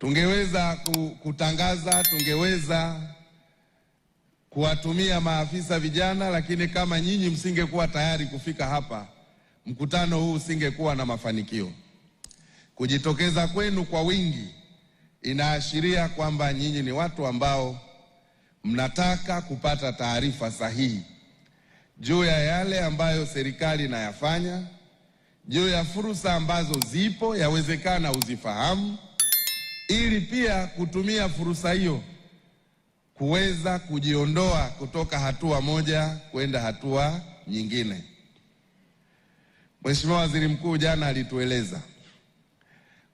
Tungeweza kutangaza, tungeweza kuwatumia maafisa vijana, lakini kama nyinyi msingekuwa tayari kufika hapa, mkutano huu usingekuwa na mafanikio. Kujitokeza kwenu kwa wingi inaashiria kwamba nyinyi ni watu ambao mnataka kupata taarifa sahihi juu ya yale ambayo serikali inayafanya, juu ya fursa ambazo zipo, yawezekana uzifahamu ili pia kutumia fursa hiyo kuweza kujiondoa kutoka hatua moja kwenda hatua nyingine. Mheshimiwa Waziri Mkuu jana alitueleza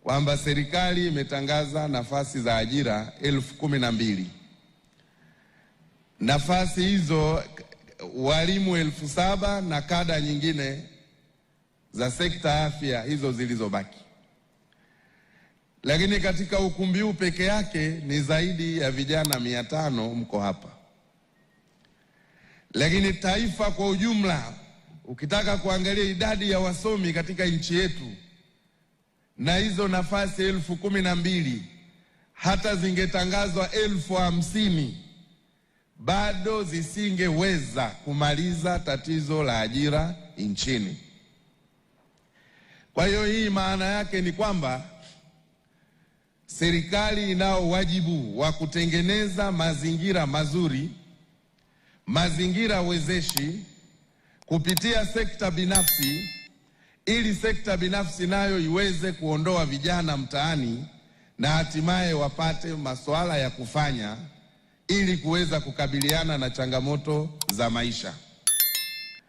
kwamba serikali imetangaza nafasi za ajira elfu kumi na mbili. Nafasi hizo walimu elfu saba na kada nyingine za sekta afya hizo zilizobaki lakini katika ukumbi huu peke yake ni zaidi ya vijana mia tano mko hapa, lakini taifa kwa ujumla, ukitaka kuangalia idadi ya wasomi katika nchi yetu na hizo nafasi elfu kumi na mbili hata zingetangazwa elfu hamsini bado zisingeweza kumaliza tatizo la ajira nchini. Kwa hiyo hii maana yake ni kwamba serikali inao wajibu wa kutengeneza mazingira mazuri, mazingira wezeshi kupitia sekta binafsi, ili sekta binafsi nayo iweze kuondoa vijana mtaani na hatimaye wapate masuala ya kufanya ili kuweza kukabiliana na changamoto za maisha.